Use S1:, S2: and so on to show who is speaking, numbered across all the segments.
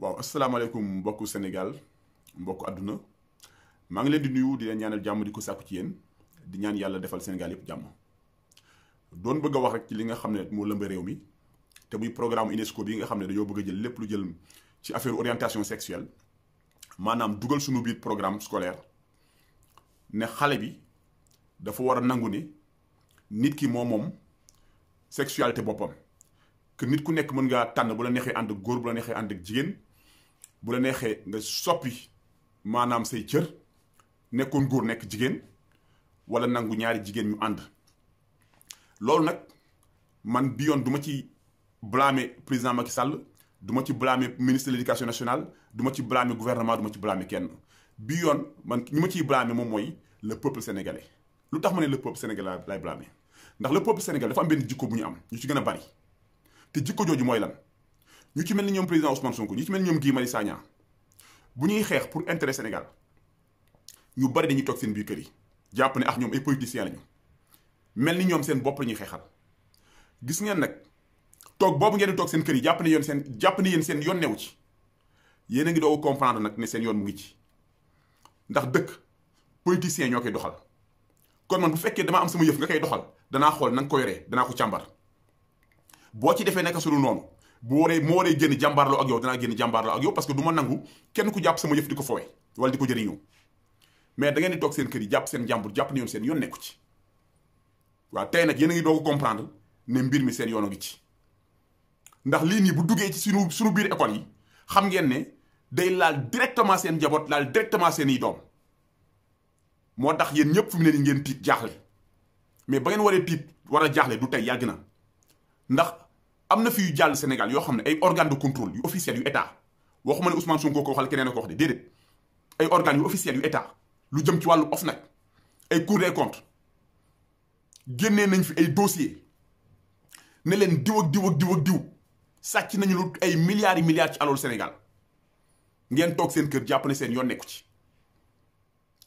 S1: waaw asalaamaaleykum mbokk Sénégal mbokk àdduna maa ngi leen di nuyu di leen ñaanal jàmm di ko sàkku ci yéen di ñaan yàlla defal Sénégal yëpp jàmm doon bëgg a wax rek ci li nga xam ne moo lëmba réew mi te muy programme UNESCO bi nga xam ne dayoo bëgg a jël lépp lu jël ci affaire orientation sexuelle maanaam dugal suñu biir programme scolaire ne xale bi dafa war a nangu ni nit ki moo moom sexualité boppam que nit ku nekk mën ngaa tànn bu la neexee ànd góor bu la neexee ànd jigéen bu la neexee nga soppi maanaam say cër nekkoon góor nekk jigéen wala nangu ñaari jigéen ñu ànd loolu nag man bi yoon du ma ci blâmer président Macky Sall du ma ci blâmer ministre de l'éducation nationale du ci blâmer gouvernement du ma ci blâmer kenn bi yoon man ñu ma ciy blâmer moom mooy le peuple sénégalais lu tax ma ne le peuple sénégalais laay blâmer ndax le peuple sénégalais dafa am benn jikko bu ñu am ñu ci gën a bari te jikko jooju mooy lan ñu ci mel ni ñoom président Ousmane Sonko ñu ci mel ni ñoom Guy Marius Sagna bu ñuy xeex pour intérêt Sénégal ñu bari dañuy toog seen biir kër yi jàpp ne ak ah ñoom ay politiciens lañu mel ni ñoom seen bopp la ñuy xeexal gis ngeen nag toog boobu ngeen di toog seen kër yi jàpp ne yéen seen jàpp ne yéen seen yoon newu ci yéen a ngi doog comprendre nag ne seen yoon mu ngi ci ndax dëkk politiciens ñoo koy doxal kon man bu fekkee damaa am sama yëf nga koy doxal danaa xool na nga ko yoree danaa ko càmbar boo ci defee nekk sunu noonu. bu waree mu waree génn jàmbaarloo ak yow danaa génn jàmbaarloo ak yow parce que du nangu kenn ku jàpp sama yëf di ko foowe wala di ko jëriñoo mais dangeen ngeen di toog seen kër yi jàpp seen jàmbur jàpp ne yoon seen yoon nekku ci waaw tey nag yéen a ngi doog comprendre ne mbir mi seen yoon ngi ci ndax lii nii bu duggee ci suñu suñu biir école yi xam ngeen ne day laal directement seen jaboot laal directement seen i doom moo tax yéen ñëpp fu mu ne nii ngeen tiit jaaxle mais ba ngeen waree tiit war a jaaxle du tey yàgg na am na fi yu jàll Sénégal yoo xam ne ay organe de contrôle yu officiel yu état waxuma ne Ousmane Sonko ko waxal keneen ko wax de déedéet ay organes yu officiel yu état lu jëm ci wàllu OFNAC ay cour des comptes génnee nañ fi ay dossiers ne leen diw ak diw ak diw sàcc nañu lu ay milliards yu milliards ci aloolu Sénégal ngeen toog seen kër jàpp ne seen yoon nekku ci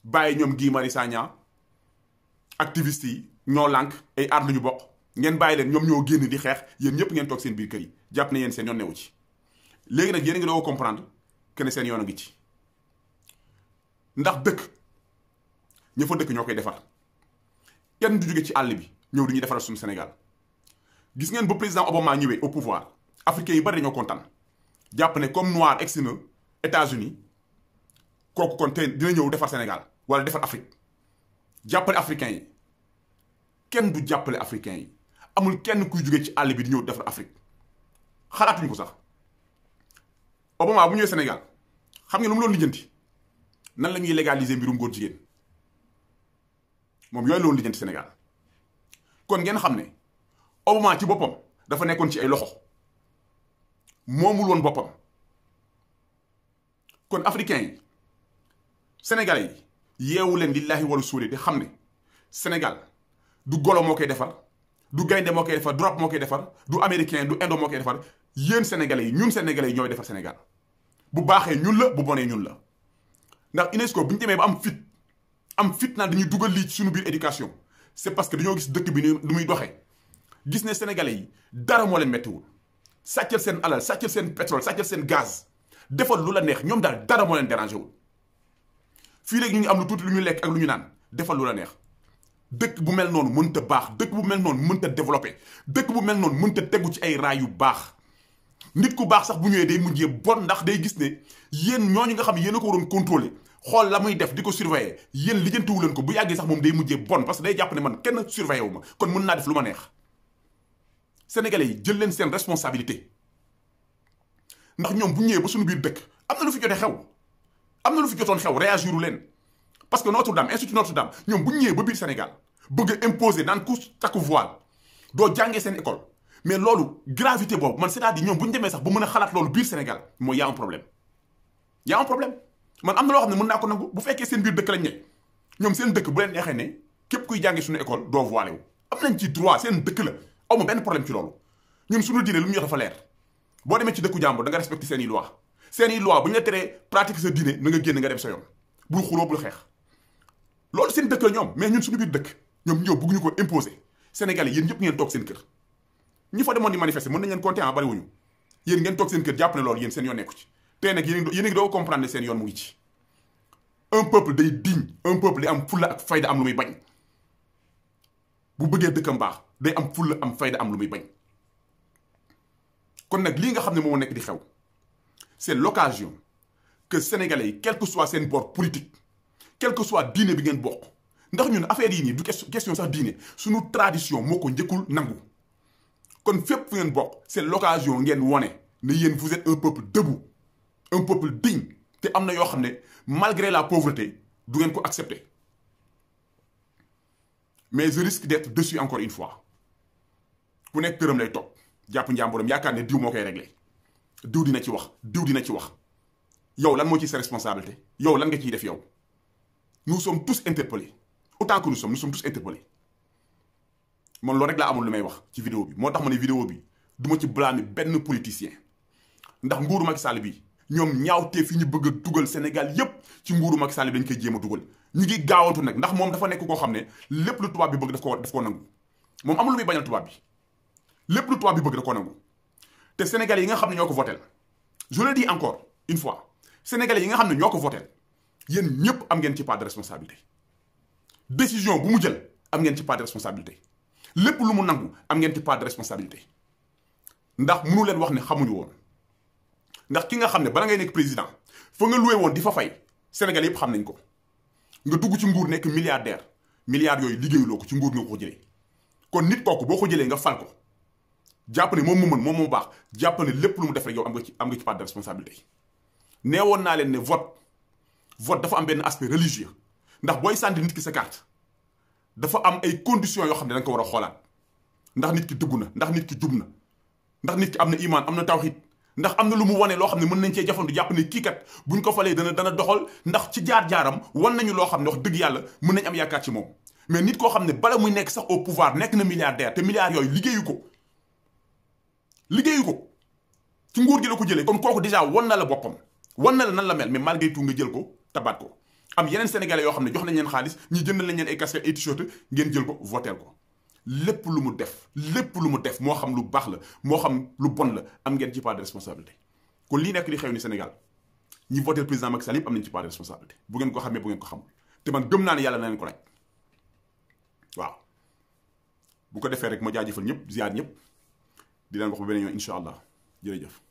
S1: bàyyi ñoom Guy Marius Sagna activistes yi ñoo lànk ay aar nañu bokk ngeen bàyyi leen ñoom ñoo génn di xeex yéen ñëpp ngeen toog seen biir kër yi jàpp na yéen seen yoon newu ci léegi nag yéen a ngi doog comprendre que seen yoon a ngi ci ndax dëkk ña fa dëkk ñoo koy defar kenn du jóge ci àll bi ñëw du ñuy defaral suñu Sénégal gis ngeen ba président Obama ñëwee au pouvoir africain yi bari dañoo kontaan jàpp ne comme noir egsi na États-Unis kooku kon tey dina ñëw defar Sénégal wala defar Afrique jàppale africain yi kenn du jàppale africain yi amul kenn kuy jógee ci àll bi di ñëw defar Afrique xalaatuñ ko sax Obama bu ñëwee Sénégal xam nga lu mu doon lijjanti nan la ñuy légaliser mbirum góor jigéen moom yooyu loolu lijjanti Sénégal kon ngeen xam ne Obama ci boppam dafa nekkoon ci ay loxo moomul woon boppam kon africain yi sénégalais yi yeewu leen lillaahi wa rasuuli di xam ne Sénégal du golo moo koy defar. du gaynde moo koy defar du rap moo koy defar du américain du indo moo koy defar yéen sénégalais yi ñun sénégalais yi ñooy defar senegal bu baaxee ñun la bu bonee ñun la ndax UNESCO bu ñu demee ba am fit am fit naan dañuy dugal lii ci suñu biir éducation c'est parce que dañoo gis dëkk bi nu muy doxee gis ne sénégalais yi dara moo leen méttiwul sàccal seen alal sàccal seen pétrole sàccal seen gaz defal lu la neex ñoom daal dara moo leen dérangé wul fii léegi ñu am lu tuuti lu ñu lekk ak lu ñu naan defal la neex dëkk bu mel noonu mënta baax dëkk bu mel noonu mënta développé dëkk bu mel noonu mënta tegu ci ay raay yu baax nit ku baax sax bu ñëwee day mujjee bon ndax day gis ne yéen ñooñu nga xam yéen a ko waroon contrôler xool la muy def di ko surveiller yéen lijjantiwu leen ko bu yàggee sax moom day mujjee bon parce que day jàpp ne man kenn surveiller wu ma kon mën naa def lu ma neex sénégalais jël leen seen responsabilité ndax ñoom bu ñëwee ba suñu biir dëkk am na lu fi jotee xew am na lu fi jotoon xew leen parce que Notre-Dame institut Notre-Dame bu ñu ñëwee ba biir Sénégal bëgg imposé imposer naan ku takku voile doo jàngee seen école mais loolu gravité boobu man c'est-à-dire ñoom bu ñu demee sax ba mën a xalaat loolu biir Sénégal mooy y a un problème y a un problème man am na loo xam ne mën naa ko nangu bu fekkee seen biir dëkk lañ ne ñoom seen dëkk bu leen ne képp kuy jàngee suñu école doo voilé wu am seen dëkk la aw ma benn problème ci loolu ñun lu mu yor dafa leer boo demee ci dëkku jàmbur da nga respecté seen i loi seen i loi bu ñu la teree pratique sa diine na nga génn nga dem sa yoon bul xuloo bul xeex loolu seen dëkk la mais ñun suñu biir dëkk ñoom ñëw bëgg ñu ko imposer Sénégalais yéen ñëpp ngeen toog seen kër ñi fa demoon di manifester mën nañ leen compter en ah, bari wuñu yéen ngeen toog seen kër jàpp ne loolu yéen seen yoon nekku ci tey nag yéen a ngi doo comprendre ne seen yoon mu ngi ci un peuple day digne un peuple day am fulla ak fayda am lu muy bañ bu bëggee dëkkam baax day am fulla am fayda am lu muy bañ kon nag lii nga xam ne moo nekk di xew c'est l'occasion que sénégalais yi quel que soit seen bord politique quel soit diine bi ngeen bokk ndax ñun affaire yi nii du question sax diine suñu tradition moo ko njëkkul nangu kon fépp fu ngeen bokk c'est l'occasion ngeen wone ne yéen vous êtes un peuple debout un peuple digne te am na yoo xam ne malgré la pauvreté du ngeen ko accepter mais je risque d'être déçu encore une fois ku nekk këram lay topp jàpp njàmburam yaakaar ne diw moo koy régler diw dina ci wax diw dina ci wax yow lan moo ci sa responsabilité yow lan nga ciy def yow nous sommes tous autant que nous sommes nous sommes man loolu rek laa amul lu may wax ci vidéo bi moo tax ma ne vidéo bi du ma ci blâmer benn politicien ndax nguuru Macky Sall bi ñoom ñaaw ñaawtee fi ñu bëgg dugal Sénégal yépp ci nguuru Macky Sall bi dañ koy jéem a dugal ñu ngi gaawatu nag ndax moom dafa nekk koo xam ne lépp lu tubaab bi bëgg daf ko daf nangu moom amul lu muy bañal tubaab bi lépp lu tubaab bi bëgg da ko nangu te sénégal yi nga xam ne ñoo ko votel je le encore une fois Sénégalais yi nga xam ne ñoo ko votel yéen ñëpp am ngeen ci part de responsabilité décision bu mu jël am ngeen ci part de responsabilité lépp lu mu nangu am ngeen ci part de responsabilité ndax mënu leen wax ne xamuñu woon ndax ki nga xam ne bala ngay nekk président fa nga loué woon di fa fay Sénégal yëpp xam nañ ko nga dugg ci nguur nekk milliardaire milliards yooyu loo ko ci nguur nga ko jëlee kon nit kooku boo ko jëlee nga fal ko jàpp ne moom mu mën moom mu baax jàpp ne lépp lu mu def rek yow am nga ci am nga ci part de responsabilité. nee woon naa leen ne vote vote dafa benn aspect religieux. ndax booy sànni nit ki sa carte dafa am ay conditions yoo xam ne da nga ko war a xoolaat ndax nit ki dëggu na ndax nit ki jub na ndax nit ki am na imaan am na tawxiid ndax am na lu mu wane loo xam ne mën nañ cee jafandu jàpp ne kii kat buñ ko falee dana dana doxal ndax ci jaar-jaaram wan nañu loo xam ne wax dëgg yàlla mën nañ am yaakaar ci moom mais nit koo xam ne bala muy nekk sax au pouvoir nekk na milliardaire te milliards yooyu liggéeyu ko liggéeyu ko ci nguur gi la ko jëlee kon kooku déjà wan na la boppam wan na la nan la mel mais malgré tout nga jël ko tabaat ko am yeneen sénégalais yoo xam ne jox nañ leen xaalis ñu jënd lañ ay casquette ay t-shirt ngeen jël ko voteel ko lépp lu mu def lépp lu mu def moo xam lu baax la moo xam lu bon la am ngeen ci part de responsabilité kon lii nekk di xew ni Sénégal ñi voté président Macky Sall yëpp am nañ ci part de responsabilité bu ngeen ko xamee bu ngeen ko xamul te man gëm naa ne yàlla na leen ko laaj waaw bu ko defee rek moo ma jaajëfal ñëpp ziar ñëpp di leen wax ba beneen yoon incha jërëjëf